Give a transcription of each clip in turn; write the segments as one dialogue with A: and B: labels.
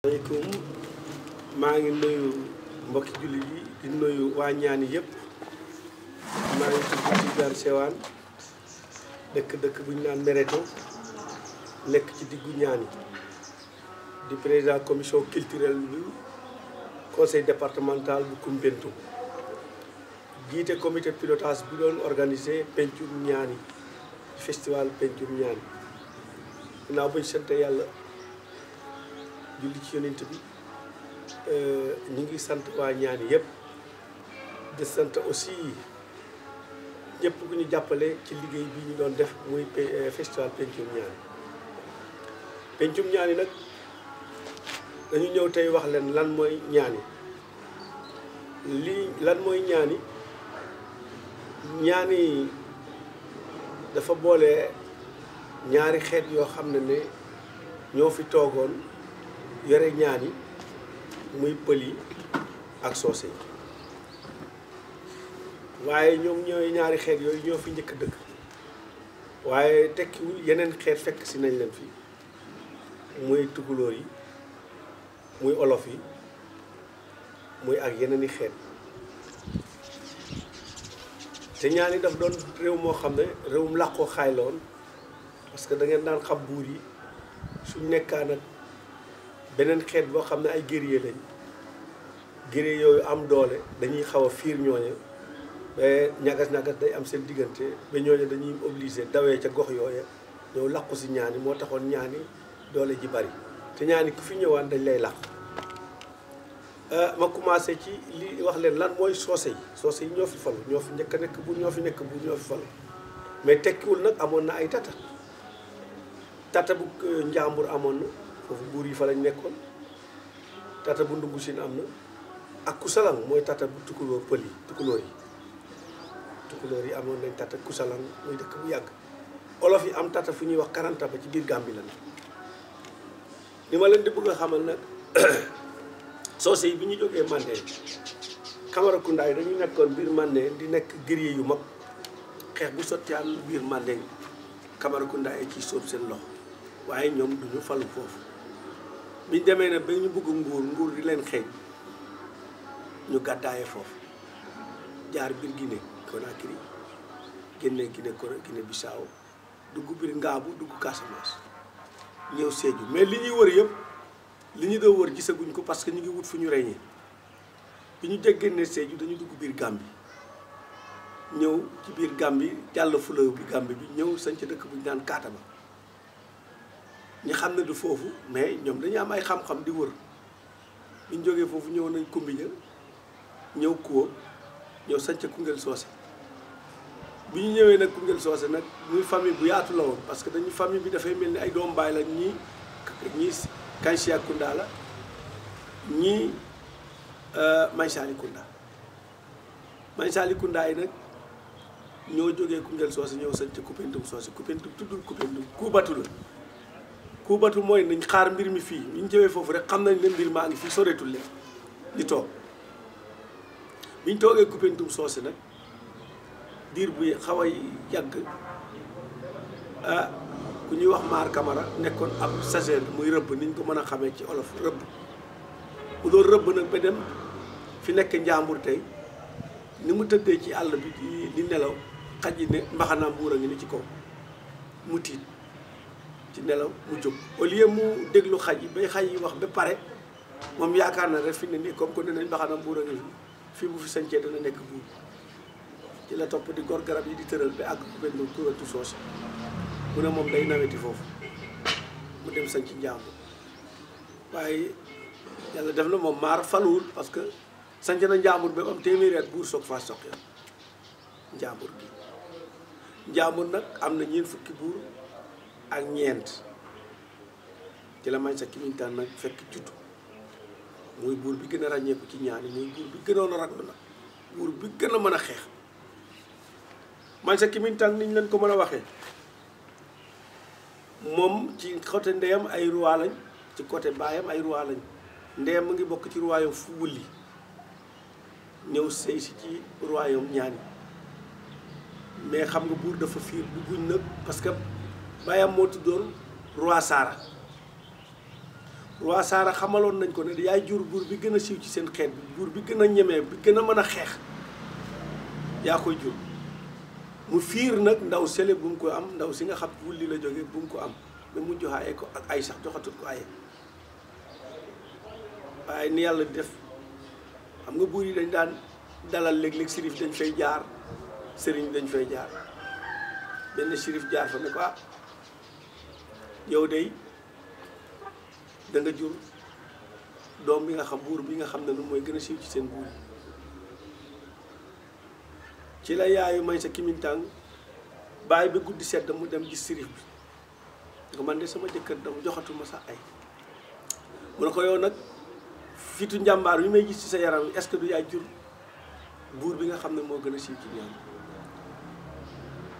A: maaleykum maa ngi nuyu mbokki jullit yi di nuyu waa ñaani yëpp maa ngi tudd Tidiane Sewaan dëkk dëkk bu naan Mereto nekk ci diggu ñaani di président commission culturel bu conseil départemental bu Koumpentoum jiite comité pilotage bi doon organisé pencum ñaani festival pencum ñaani ginnaaw bañ sant yàlla julli ci yonent bi euh, ñu ngi sant waa ñaani yëpp di sant aussi ñëpp ku ñu jàppale ci liggéey bi ñu doon def muy euh, festival pencum ñaani pencum ñaani nag dañu ñëw tey wax leen lan mooy ñaani lii lan mooy ñaani ñaani dafa boole ñaari xeet yoo xam ne ne ñoo fi toogoon yore nyani muy peli ak sosé waye ñom ñoy ñaari xéet yoy ñoo fi ñëk dëkk tekki wu yenen xéet fekk ci nañ leen fi muy tukulóor yi muy olof yi muy ak yeneen xéet té te daf doon réew mo xamné réewum làqoo xaay la woon parce que da ngeen daan xam buur yi suñ nekkaan ak beneen xeet boo xam ne ay guerrier lañ guerrier yooyu am doole dañuy xaw a fiir ñooña ba ñagas-ñagas day am seen diggante ba ñooña dañuy obligé dawee ca gox yooya ñëw làqu si ñaani moo taxoon ñaani doole ji bari te ñaani ku fi ñëwaan dañ lay làqu euh, ma commencé ci li wax leen lan mooy soose yi soose yi ñoo fi falu ñoo fi njëkk a nekk bu ñoo fi nekk bu ñoo fi falu mais tekkiwul nag amoon na ay tata tata bu euh, njàmbur amoon na fofu bour yi fa lañ nekkoon tata bu ndugu sin am na ak kusalang mooy tata bu tukkuloo pël yi yi yi amoon nañ tata kusalang muy dëkk bu yàgg olof yi am tata fu ñuy wax karanta ba ci biir gambi la nekk ma leen di bëgg a xamal nag soose yi bi ñu jógee Mandé Camaracounda yi dañu nekkoon biir Mandé di nekk guerrier yu mag xeex bu sottiaan biir Mandé Camaracounda yi ci sóob seen loxo waaye ñoom duñu falu foofu biñ démé ne ba ñu bugg nguur nguur di leen xéñ ñu gàddaaye fofu jaar biir Guinée Conakry génne Guinée Guinée Bissau dugg bir Ngaabu dugg Casamance ñew Sédhiou mais li ñuy wër yëpp li ñu do wër gisaguñ ko parce que ñu ngi wut fu ñu réñé bi ñu jéggee ne Sédhiou dañu dugg bir gambi ñew ci bir gambi jàll fula bi gambi bi ñew sañ ci dëkk bu ñaan naan ñi xam na du foofu mais ñoom dañu am ay xam-xam di wër ñu jógee foofu ñëw nañ Kumbiña ñëw Kuwo ñëw sanc Koungheul Socé bi ñu ñëwee nag Koungheul Socé nag famille bu yaatu la parce que dañu famille bi dafay mel ni ay doom baay la ñii ñii la ñii euh, Mansali Kounda Mansali yi nag ñoo jógee Koungheul Socé ñëw sanc Koupentoum Socé Koupentoum tuddul Koupentoum Koubatou la ku batu mooy nañ xaar mbir mi fii ñu jëwee foofu rek xam na ne mbir maa ngi fii soreetul leen toog biñ toogee Koupentoum soose nag diir bu xaw a yàgg ah ku ñuy wax maar Camara nekkoon ab saseer muy rëbb niñ ko mën a xamee ci olof rëbb bu doon rëbb nag ba dem fi nekk njaambur tey ni mu tëddee ci àll bi di nelaw xaj yi ne mbaxanaam buur a ngi ni ci kaw mu tiit nelaw mu jóg au lieu mu déglu xaj yi bay xaj yi wax ba pare moom yaakaar na rek fi ne nii comme que ne nañ baxanam buur a ngi fii bu fi sañcee dana nekk buur ci la topp di gor garab yi di tëral ba àgg ku benn kuratu soose mu ne moom day naweti foofu mu dem sañ ci njaamu waaye def na moom maar faluwul parce que sanc na njaambur ba am téeméeri at buur soog faa soqe njaambur gi njaambur nag am na ñeent fukki buur ak ñeent ci la Mansa Kilintaan nag fekk juddu mooy buur bi gën a ràññeeku ci ñaan yi muy buur bi gënoon a raglu nag buur bi gën a mën a xeex Mansa Kilintaan niñ leen ko mën a waxee moom ci côté ndeyam ay roi lañ ci côté baayam ay roi lañ ndeyam mu ngi bokk ci royaume fu wulli ñëw sëy si ci royaume ñaani mais xam nga buur dafa fiir bu guñ nag parce que baayam moo tuddoon roi Saara roi Saara xamaloon nañ ko ne yaay jur buur bi gën a siiw ci seen xeet bi buur bi gën a ñemee bi gën a mën a xeex yaa koy jur mu fiir nag ndaw sele bu mu ko am ndaw si nga xam wulli la jóge bu mu ko am mais mu joxaaye ko ak ay sax joxatul ko aye waaye ni yàlla def xam nga buur yi dañ daan dalal léeg-léeg sirif dañ fay jaar sëriñ dañ fay jaar benn sirif jaar fa ne ko ah yow day danga nga jur doom bi nga xam buur bi nga xam ne lu mooy gën a siiw ci seen buur ci la yaayu may sa kimintang baay bi guddi sedd mu dem gis sirif bi nga man de sama jëkkër dama joxatu sax ay mun ne ko yow nag fitu njàmbaar bi may gis ci sa yaram yi est du yaay jur buur bi nga xam ne moo gën a siiw ci ñoom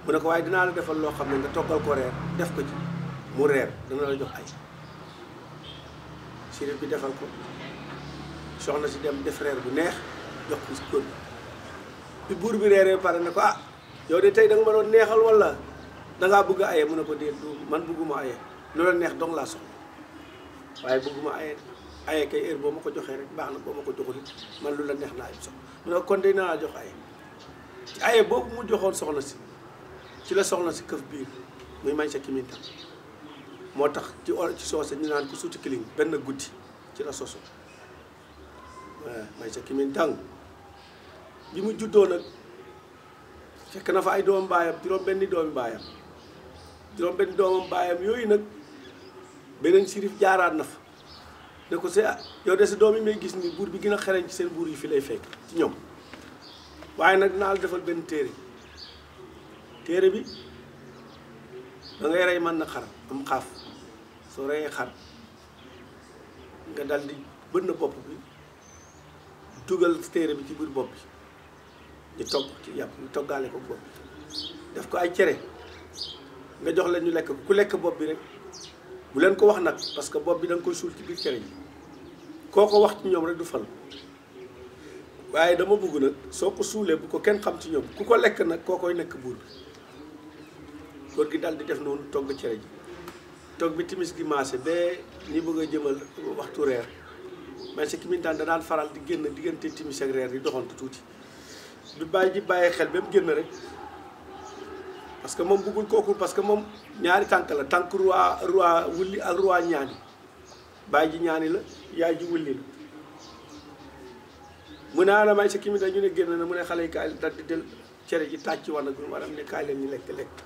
A: mu ne ko waaye dinaa la defal loo xam ne nga toggal ko reer def ko ci mu reer dana la jox ay sirif bi defal ko soxna si dem def reer bu neex jox ko si góor bi buur bi reeree pare ne ko ah yow tey da nga ma neexal wala da ngaa bëgg a mu ne ko déet man bëgguma aye lu neex dong laa waaye bëgguma aye aye kay heure boo ko joxee rek baax na boo ma ko joxul man lu la neex naa yëg soxla kon de naa jox aye ci aye mu joxoon soxna si la soxna si këf biir muy may sa kimintam moo tax ci or ci soose ñu naan ko suuti kiling benn guddi ci la soso may sa kimin tàng bi mu juddoo nag fekk na fa ay doom baayam juróom benni doomi baayam juróom benni yooyu nag beneen sirif jaaraat na fa ne ko see yow de sa doom yi may gis ni buur bi gën a xereñ ci seen buur yi fi lay fekk ci ñoom waaye nag naa la defal benn téere téere bi dangay rey mën na xar am xaaf soo reyee xar nga daldi di bënn bopp bi dugal téere bi ci biir bopp bi ñu togg ci yàpp ñu toggale ko bopp bi def ko ay cere nga jox leen ñu lekk ku lekk bopp bi rek bu leen ko wax nag parce que bopp bi da nga koy suul ci biir cere ji koo ko wax ci ñoom rek du fal waaye dama bëgg nag soo ko suulee bu ko kenn xam ci ñoom ku ko lekk nag koo koy nekk buur bi koor gi dal di def noonu togg cere ji toog bi timis gi maase ba ñi bëgg a jëmal waxtu reer mais ki mintaan da daan faral di génn diggante timis ak reer di doxantu tuuti bi bàyyi ji bàyyi xel ba mu génn rek parce que moom bëggul kooku parce que moom ñaari tànk la tànk roi roi wulli ak roi ñaani bàyyi ji ñaani la yaay ji wulli la mu ne ana may sa ki ñu ne génn na mu ne xale yi kaay daal di del cere ji tàcc war na gum maanaam ne kaay leen ñu lekk lekk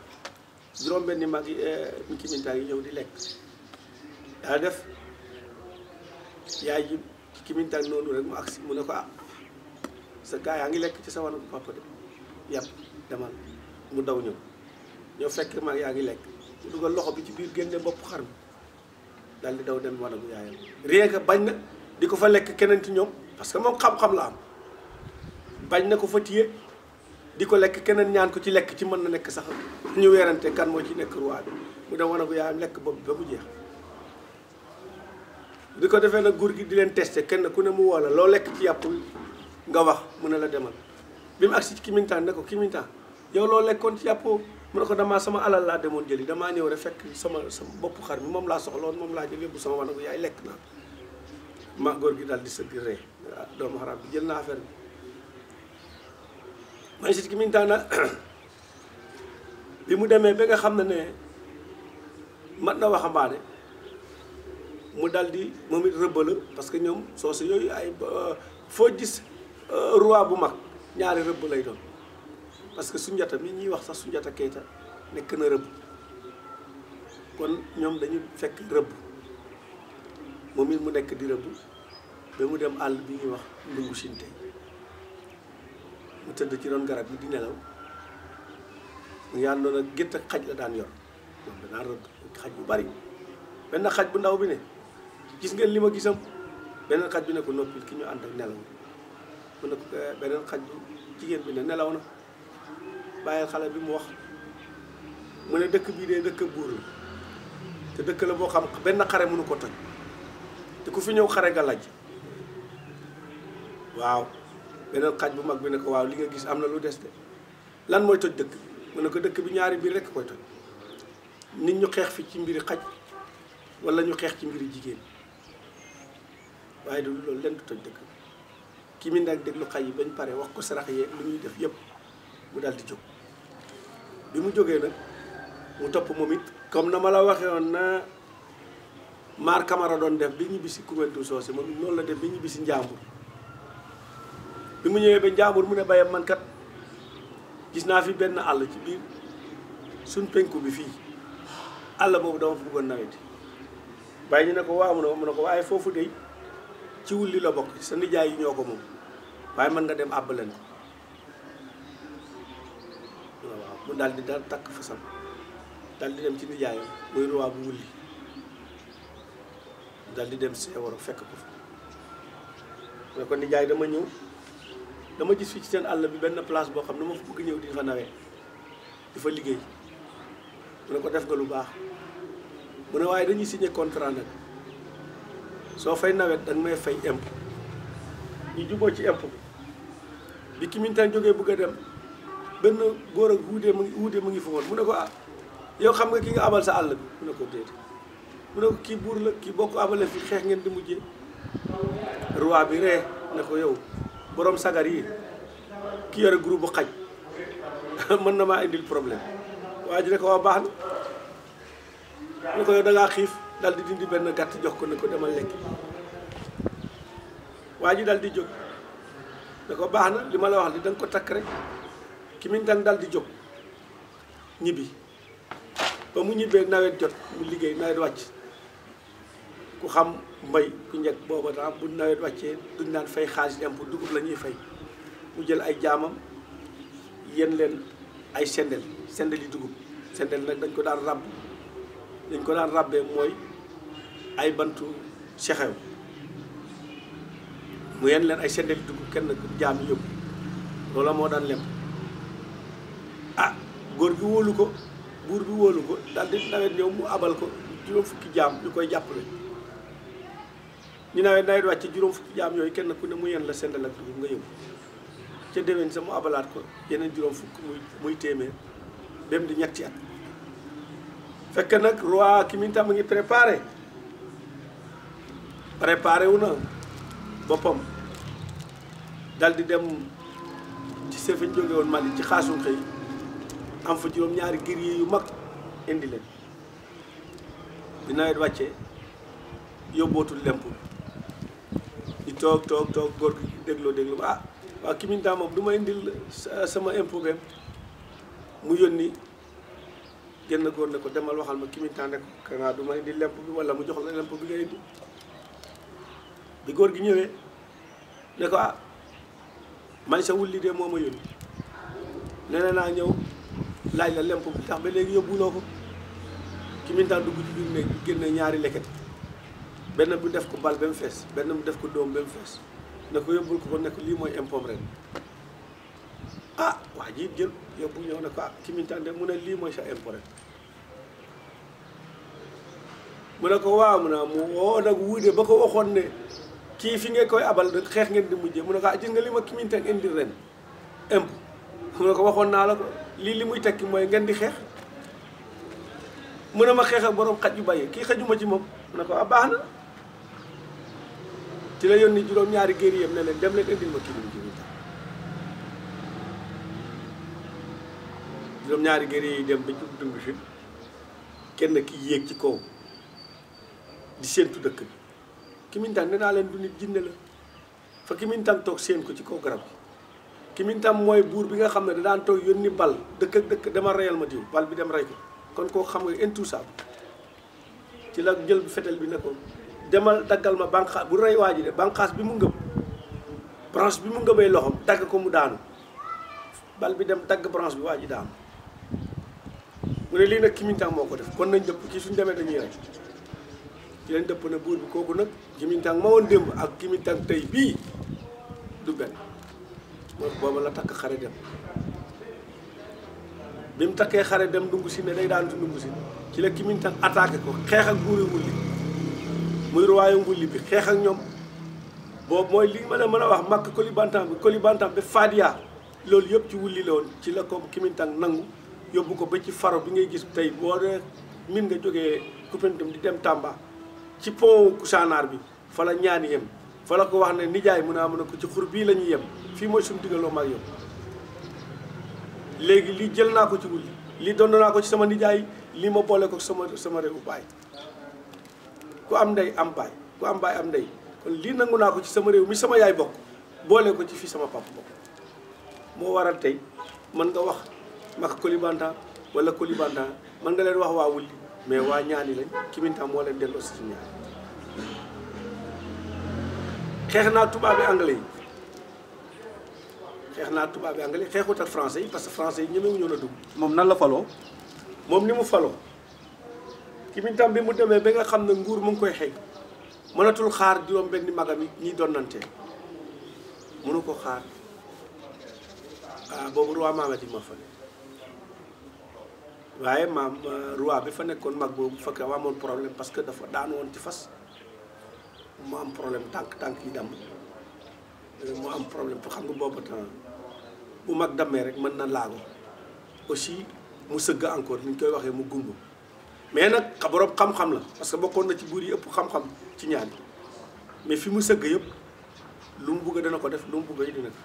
A: juróom-benni mag yi eh, ci mintaar yi ñëw di lekk daa def yaay ji ki mintaar noonu rek mu agsi mu ne ko ah sa gaa yaa ngi lekk ci sa wanagu papa de yàpp demal mu daw ñëw ñoo fekk mag yaa ngi lekk mu dugal loxo bi ci biir génne bopp xar mi daal di daw dem wanagu yaayam rien que bañ na di ko fa lekk keneen ci ñoom parce que moom xam-xam la am bañ na ko fa téye di lek keneen ñaan ko ci lek ci mën na nek sax ñu wérante kan mo ci nek roi bi mu da wona ko yaam lek bop ba mu jeex di defé nak gurki guur gi di len testé kenn ku ne mu Bim lo lek ci yàpp nga wax mu ne la demal bimu ak ci kimintan ne ko yow loo lekkoon ci yàpp mu ne ko dama sama alal la demoon jëli dama ñew rek fekk sama sama bop xar mi mom la soxlon mom la bu sama wana ko yaay lek na ma gor gi dal di sëgg bi jël na affaire Manchette Kimintana bi mu demee ba nga xam ne ne mat na waxambaane mu dal di moom it rëbb la parce que ñoom soose yooyu ay euh, foo gis euh, roi bu mag ñaari rëbb lay doon parce que Sunjata mi ñuy wax sax Sunjata Keita nekk na rëbb kon ñoom dañu fekk rëbb moom mu nekk di rëbb ba mu dem àll bi ñuy wax ndungu sinte bu tëdd ci doon garab yi di nelaw mu yàndoon ak gétt xaj la daan yor xaj bu bari benn xaj bu ndaw bi ne gis ngeen li ma gisam beneen xaj bi ne ko noppil ki ñu ànd ak nelaw eh, xaj jigéen ne nelaw na bàyyil xale bi mu wax mu ne dëkk bii dee dëkk buur la te dëkk la boo xam benn xare mënu ko toj te ku fi ñëw xare nga waaw beneen xaj bu mag bi ne ko waaw li nga gis am na lu des de lan mooy toj dëkk mu ne ko dëkk bi ñaari mbir rekk koy toj nit ñu xeex fi ci mbiri xaj walla ñu xeex ci mbiri jigéen waaye du loolu leen du toj dëkk ki mi nag déglu xaj yi bañ paree wax ko sarax yeeg lu ñuy def yëpp mu daal di jóg bi mu jógee nag mu topp moom it comme na ma la waxee woon na maar Camara doon def bi ñibbisi Koumbéntoum soose moom noonu la def bi si Njàmbur bi mu ñëwee ba njaambur mu ne bayam man kat gis naa fi benn àll ci biir suñ penku bi fii àll boobu dama fa bëggoon nawet bàyyi ñu ne ko waaw mu ne ko waaye foofu de ci wulli la bokk sa nijaay yi ñoo ko moom waaye mën nga dem àbb leen ko waaw mu daal daal takk fasam daal dem ci nijaay muy ruwaa bu wulli daal di dem seeworo fekk ko fa mu ne ko nijaay dama ñëw dama gis fii ci seen àll bi benn place boo xam ne ma fa bëgg ñëw di fa nawee di fa liggéey mu ne ko def nga lu baax mu ne waaye dañuy siñe contrat nag soo fay nawet danga may fay imp ñu juboo ci imp bi bi ki jógee bëgg a dem benn góor ak wuudee mu ngi wuudee mu ngi fa woon mu ne ko a ah, yow xam nga ki nga abal sa àll bi mu ne ko déedéet mu ne ko kii buur la kii bokk abale fii xeex ngeen di mujjee roi bi ree ne ko yow boroom sagar yi ki yore groupe bu xaj mën na maa indil problème waa ji ne ko waa baax na ñu ko yow xiif dal di dindi benn gàtt jox ko ne ko demal lekk waa ji dal di jóg ne ko baax na li ma la wax li da ko takk rek ki min dang dal di jóg ñibbi ba mu ñibbee nawet jot mu liggéey nawet wàcc ku xam mbay ku njëkk booba daal bu nawet wàccee duñ naan fay xaalis dem dugub la ñuy fay mu jël ay jaamam yéen leen ay sendel sendel yi dugub sendel nag dañ ko daan ràbb dañ ko daan ràbbee mooy ay bantu sexew mu yéen leen ay sendel yi dugub kenn jaam yóbbu loola moo daan lem ah góor gi wóolu ko buur bi wóolu ko daal di nawet ñëw mu abal ko juróom fukki jaam ñu koy jàppale ñu nawet nawet wàcc juróom fukki jaam yooyu kenn ku ne mu yen la seen dalak dugub nga yóbbu ca déwén sa mu abalaat ko yeneen juróom fukk muy muy téeméer bem di ñetti at fekk nag roi ki mintam mu ngi préparé préparé wu na boppam dal di dem ci seefañ jóge woon Mali ci xaasum xëy am fa juróom ñaari guerrier yu mag indi leen bi nawet wàccee yóbbootul lemp toog toog toog góor gi dégloo déglu ba ah waaw ah, kimintaa moom du ma indil sama impôt mu yónni genn góor ne ko demal waxal ma kimintaa ne ko kanaa du ma indil lemp bi wala mu jox la lemp bi nga indi bi góor gi ñëwee ne ko ah man sa wulli dee moo ma yónni nee naa ñëw laaj la lemp bi tax ba léegi yóbbuloo ko kimintaa dugg ci biir néeg bi génne ñaari leket benn bu def ko bal ba mu fees benn bu def ko doom ba mu fees ne ko yóbbul ko ko nekk lii mooy impom ren ah waa ji jël yóbbu ñëw ne ko ah kimintaan de mu ne lii mooy sa impom ren mu ne ko waaw mu ne mu woo nag wuude ba ko waxoon ne kii fi ngeen koy abal da xeex ngeen di mujjee mu ne ko ah gis nga li ma kimintaan indi ren imp mu ne ko waxoon naa la ko lii li muy tekki mooy ngeen di xeex mu ne ma xeex ak borom xaj yu bàyyi kii xajuma ci moom mu ne ah, ci la yónni juróom ñaari geer guerrier ne len dem len indi ma ci bi juróom ñaari geer yi dem ba ci dund fi kenn ki yek ci ko di seen tu dekk bi min tan naa len du nit jinne la fa ki min tan tok seen ko ci kaw garab min tan moy bour bi nga xamne da dan tok yónni bal dekk ak dëkk dama reyal ma diw bal bi dem ray ko kon ko xam nga intouchable ci la jël fetel bi ne ko demal daggal ma bangka bu rey waji de bankas bi mu ngëm branche bi mu ngëmee loxom tag ko mu daanu bal bi dem tag branche bi waji daanu mu ne lii nag kimintang moo ko def kon nañ depp ki suñu demé dañuy rey ki len depp na bur bi kooku nag kimintang ma won demb ak kimintang tay bi du ben mooy booba la tak xare dem bim takke xare dem dungu ci ne day daan dungu ci ci la ko xex ak muy ruwaayu ngulli bi xeex ak ñoom boobu mooy li mën la mën a wax màkk Koulibantang bi Koulibantang ba Fadia loolu yëpp ci wulli la woon ci la ko Kimintang nangu yóbbu ko ba ci faro bi ngay gis tey boo min nga jógee Koupentoum di dem Tamba ci pont Kousanaar bi fa la ñaan yem fa la ko wax ne nijaay mun a mun a ko ci xur bii la ñuy yem fii mooy suñu digaloo mag yow léegi lii jël naa ko ci wulli lii doon naa ko ci sama nijaay lii ma boole ko sama sama réewu baay ku am ndey am baay ku am baay am ndey kon lii nangu naa ko ci sama réew mi sama yaay bokk boole ko ci fii sama papa bokk moo waral tey mën nga wax mak Kolibantang wala Kolibantang mën nga leen wax waa wulli mais waa ñaani lañ kimintam moo leen delloo si ñaar xeex naa tubaab bi anglais yi xeex naa tubaab bi anglais xeexut ak français yi parce que français yi ñemewuñu woon a dugg. moom nan la faloo. moom ni mu faloo. kimintam bi mu demé ba nga xamné nguur mu ngi koy xëy mënatul xaar juróom benn magam ni ñi donnante munu ko xaar ah boobu roi maamati ma fa waye mam ah, roi bi fa nekkon mag boobu fa ka amoon problème parce que dafa daan won ci fas mu am problème tank tank yi dam euh, mu am problème xam nga bobu tan bu mag damé rek man na laago aussi mu seug encore ni koy waxe mu gumbu mais nag borom xam-xam la parce que bokkoon na ci buur yi ëpp xam-xam ci ñaan mais fi mu sëgg yëpp lu mu bugg dana ko def lu mu bugg yi dina ko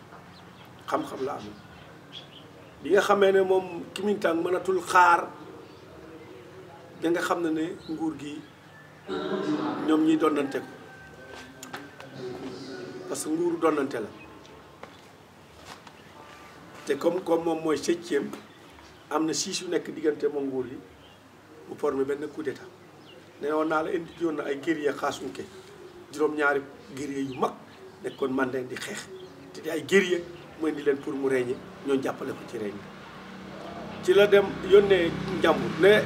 A: xam-xam la am bi nga xamee ne moom Kuomintang mënatul xaar da nga xam ne ne nguur gi ñoom ñi donnante ko parce que nguuru donnante la te comme comme moom mooy septième am na six su nekk diggante moom nguur yi bu formé ben coup d'état Né woon naa la indi yoon na ay guerrier xaasunke juróom-ñaari guerrier yu mag nekkoon mande leen di xeex Té di ay guerrier mu ni leen pour mu régner ñoo jàppale ko ci régner ci la dem yónnee njàmbur ne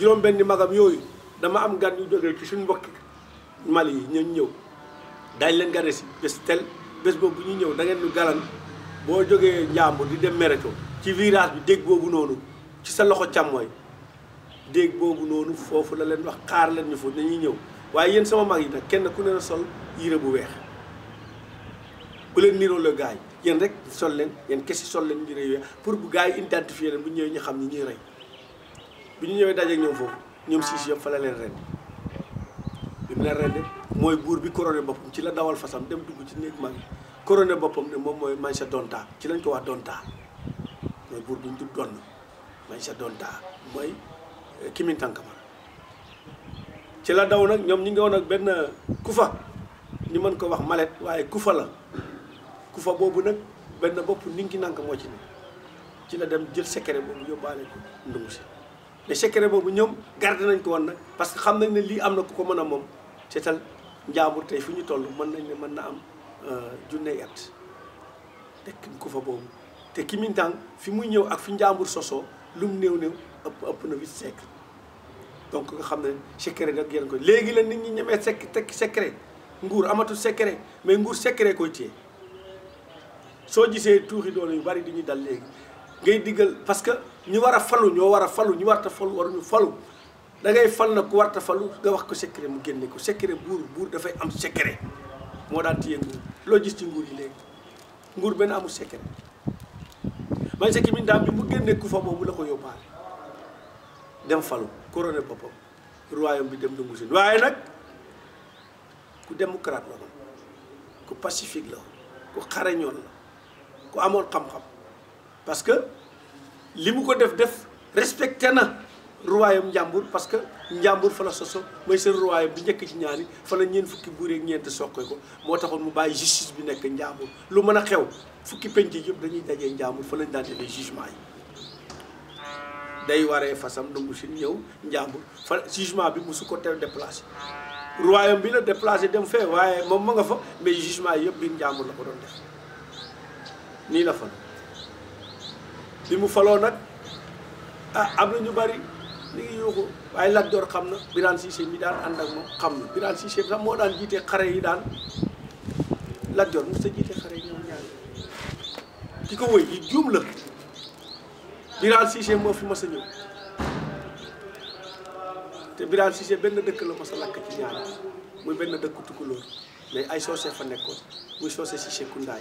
A: juróom benn magam yoy. dama am gan yu jógee ci suñu mbokki Mali yi ñooñu ñëw daañu leen gane si bés tel bés da ngeen ñu galan boo jógee njàmbur di dem Mereto ci virage bi dégg boobu noonu ci sa loxo càmmooy déeg boobu noonu foofu la leen wax xaar leen ñu fa dañuy ñëw waaye yéen sama mag yi nag kenn ku ne na sol yére bu weex bu leen niroo la gars yi yéen rek sol leen yéen kese sol leen yére yu pour bu gars yi identifier leen bu ñëwee ñu xam ni ñu rey bu ñu ñëwee dajeeg ñoom foofu ñoom siis yëpp fa la leen ren bi mu de mooy buur bi couronné boppam ci la dawal fasam dem dugg ci néeg mag yi couronné boppam ne moom mooy mansa donta ci lañ ko wax donta mooy buur bi ñu tudd donn mansa donta mooy Kimintan Kamara ci la daw nag ñoom ñu ngi woon ak benn kufa ñu mën ko wax malet waaye kufa la kufa boobu nag benn bopp ninki nank moo ci ne ci la dem jël secret boobu yóbbaale ko ndungu si mais secret boobu ñoom garde nañ ko woon nag parce que xam nañ ne lii am na ku ko mën a moom seetal njaambur tey fi ñu toll mën nañ ne mën na am euh, junney at te kufa boobu te Kimintang fi muy ñëw ak fi njaambur sosoo lum néew néew ëpp ëpp na huit siècle donc nga xam ne secret nag yéen ko léegi la nit ñi ñemee sekk tekki secret nguur amatul secret mais nguur secret koy téye soo gisee tuuxi doon yu bari di ñu dal léegi ngay diggal parce que ñu war a falu ñoo war a falu ñu warta falu waruñu falu da ngay fal na ku warta falu wax ko secret mu génne ko secret buur buur dafay am secret moo daan téye nguur loo gis ci nguur yi nguur benn amul secret man secret mi daam bi mu génne ku fa boobu la ko yóbbaale dem falu couronné boppam royaume bi dem du musin waaye nag ku démocrate la ko ku pacifique la ku xarañoon la ku amoon xam-xam parce que li mu ko def def respecté na royaume njàmbur parce que njàmbur fa la soso mooy seen royaume bi njëkk ci ñaari fa la ñeen fukki buur ak ñeent soqee ko moo taxoon mu bàyyi justice bi nekk njàmbur lu mën a xew fukki penc yëpp dañuy dajee njàmbur fa lañ daan defee jugement yi day waree fasam nangu si ñëw njàmbur fa jugement bi mosu ko teel déplacé royaume bi la déplacé dem fee waaye moom ma nga fa mais jugement yëpp biir njàmbur la ko doon def nii la fal bi mu faloo nag ah am na ñu bari li ngi yuuxu waaye Lat Joor xam na Birane Cissé mi daan ànd ak moom xam na Birane Cissé moo daan jiite xare yi daan Lat Joor mos ta jiite xare yi ñoom ñaar ki ko wëy juum la Biral Cissé moo fi mas a ñëw te Biral Cissé benn dëkk la mas a lakk ci ñaar muy benn dëkk tukulóor mais ay soose fa nekkoon muy soose Cissé Koundaay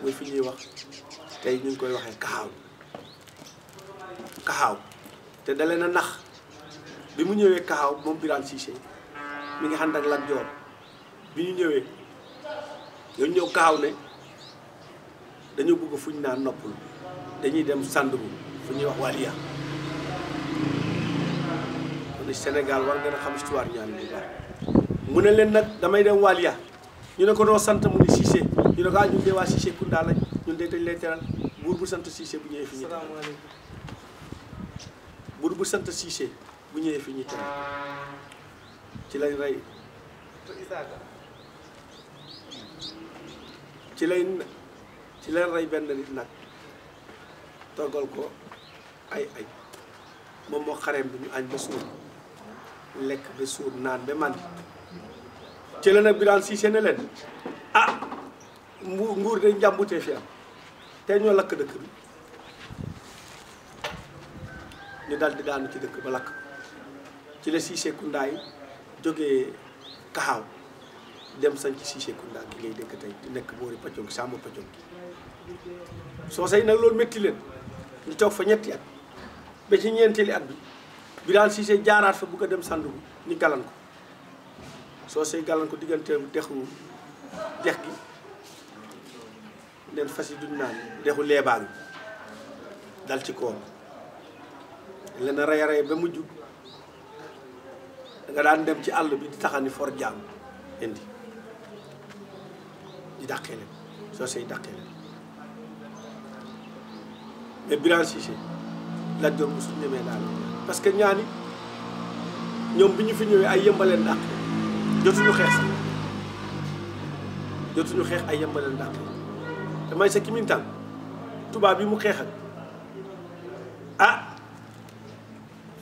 A: muy fi ñuy wax tey ñu ngi koy waxee kaxaaw kaxaw te dalee na nax bi mu ñëwee kaxaaw moom Biral Cissé mi ngi ànd ak Lat Joor bi ñu ñëwee ñooñu ñëw kaxaaw ne dañu bëgg fuñ naa noppul dañuy dem Sàndugu fu ñuy wax Waliya mu ne Sénégal war ngeen a xam histoire ñaan bu baax mu ne leen nag damay dem Waliya ñu ne ko doo sant mu ne Cissé ñu ne ko ah ñun dee waa Cissé Kounda lañ ñun dee dañ lay teral buur bu sant Cissé bu ñëwee fi ñu teral buur bu sant Cissé bu ñëwee fi ñu teral ci lañ rey ci lay ci lay rey benn nit nag toggal ko ay ay mom mo xarem bi ñu añ ba suur lek ba suur naan ba man ci la nag Birane Cissé sene len ah mbu nguur de njàmbutee fi am te ñoo lak dëkk bi ñu dal di daanu ci dëkk ba lak ci la Cissé Kounda yi jógee dem sañ ci sisé Kounda gi ngay dëkk tay di boori Pacong sambu Pacong so say nak lool metti len ñu tok fa ñetti at be ci ñeenteeli at bi Bilal Cissé jaaraat fa bu ko dem sandu ni galan ko so see galan ko digganteem dexu dex gi leen fasi yi duñ naan dexu leebaa dal ci ko leen ray ray be mujju nga daan dem ci àll bi di taxani for jaam indi di dàqee so soo see dàqee Bilal Cissé Lat Joor mosul ñemee daal parce que ñaani ñoom bi ñu fi ñëwee ay yëmbaleen dàq jotuñu xeex si jotuñu xeex ay yëmbaleen dàq te may sa kimintaan tubaab yi mu xeexal ah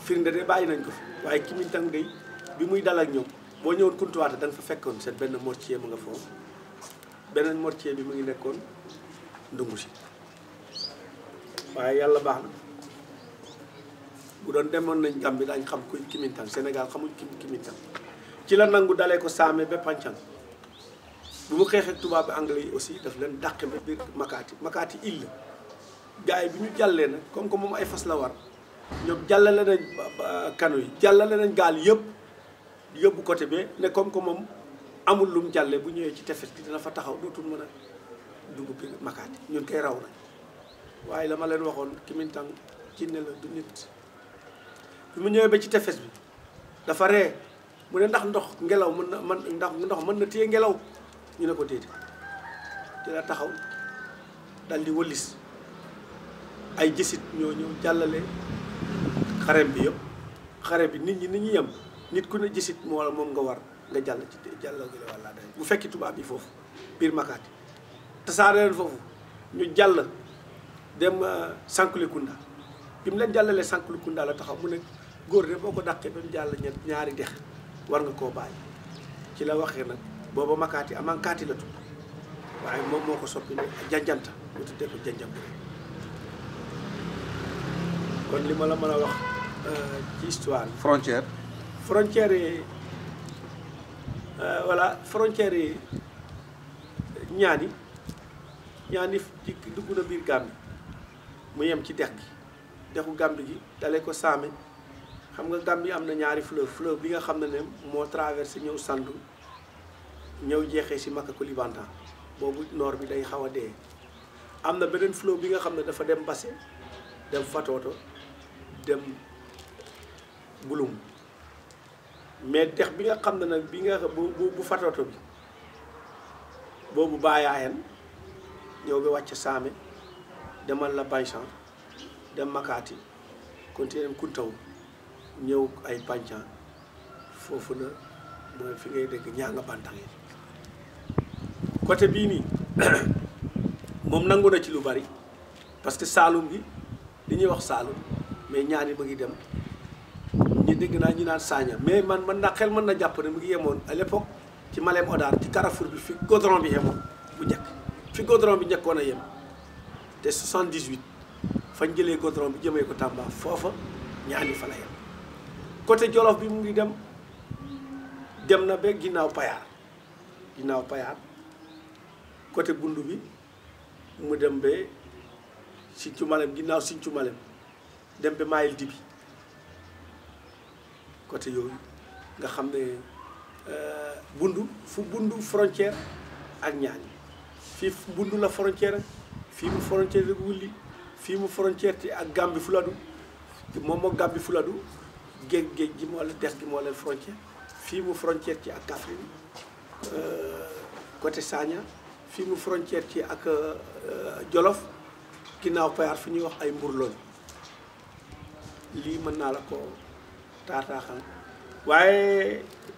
A: firnde de bàyyi nañ ko fi waaye kimintaan day bi muy dal ñëw ñoom boo ñëwoon kuntuwaata da fa fekkoon seen benn mortier mu nga foofu beneen mortier bi mu ngi nekkoon ndungu si waaye yàlla baax na bu doon demoon nañ bi daañ xam kuy kimintan Sénégal xamuñ Kimintang ci la nangu dalee ko saame ba Pàncan bu mu xeexee tubaab bi anglais yi aussi daf leen dàqe ba biir Makaati Makaati île gars yi bi ñu jàllee nag comme que moom ay fas la war ñoom jàllale nañ kano yi jàllale nañ gaal yëpp yóbbu côté be ne comme que moom amul lu mu jàllee bu ñëwee ci tefet gi dina fa taxaw dootul mën a dugub bi Makaati ñun koy raw nañ waaye la ma leen waxoon Kimintang jinne la du nit bima ñëwé ba ci tefes bi dafa ré mu né ndax ndox ngelaw mën na man ndax ndox mën na téye ngelaw ñu né ko tété té la taxaw dal di wëllis ay gisit ñoo ñëw jallalé xarem bi yëpp xare bi nit ñi nit ñi yam nit ku ne gisit mo wala mom nga war nga jall ci jàll gi la wala day bu fekki bi fofu bir makati ta sa leen fofu ñu jall dem euh, sankule kunda bi mu leen kunda la taxaw mu ne góor de boo ko daqee ba mu jàll ñaari dex war nga koo bàyyi ci la waxee nag booba makaati la tudd waaye moom ko soppi ne janjanta mu tuddee kon li ma la mën a wax euh, ci histoire frontière frontière yi euh, voilà frontière yi ñaani ñaani ci dugg na biir Gàmbi mu yem ci dex gi dexu Gàmbi gi dalee ko saame xam nga Gambie am na ñaari fleuve fleuve bi nga xam ne ne moo traversé ñëw Sandu ñëw jeexee si Makacoulibantang boobu noor bi day xaw a dee am na beneen fleuve bi nga xam ne dafa dem Basse dem Fatoto dem Bulum mais dex bi nga xam ne nag bi nga bu bu Fatoto bi boobu Bayaayeen ñëw bi wàcc Saame demal la Banchan dem Makaati continué dem Kuntawu ñëw ay pàncan foofu la mooy fi ngay dégg ñaa nga bantax yi côté bii nii moom nangu na ci lu bari parce que saalum bi li ñuy wax saalum mais ñaari ma ngi dem ñu dégg naa ñu naan saaña mais man man ndax xel mën na jàpp ne mu ngi yemoon à ci Malem Hodar ci Carrefour bi fi goudron bi yemoon bu njëkk fi goudron bi njëkkoon a yem te 78 fañ jëlee goudron bi jëmee ko Tamba foofa ñaani fa la yem côté Jolof bi mu ngi dem dem na be ginnaaw Payaar ginnaaw Payaar côté bund bi mu dem ba Sinthiou Malem ginnaaw Sinthiou Malem dem ba Mayel Dibi côté yooyu nga xam ne euh, Bundu fu Bundu frontière ak Ñaañ fii Bundu la frontière ak fii mu frontière ak Wulli fii mu frontière ak Gàmbi Fuladu moom moo Gàmbi Fuladu géej géej gi moo la dex gi moo leen frontière fii mu frontière ci ak Kaffrine euh, côté Sagna fii mu frontière ci ak euh, Jolof ginnaaw Payar fi ñuy wax ay mburloon lii mën naa la ko taataaxal waaye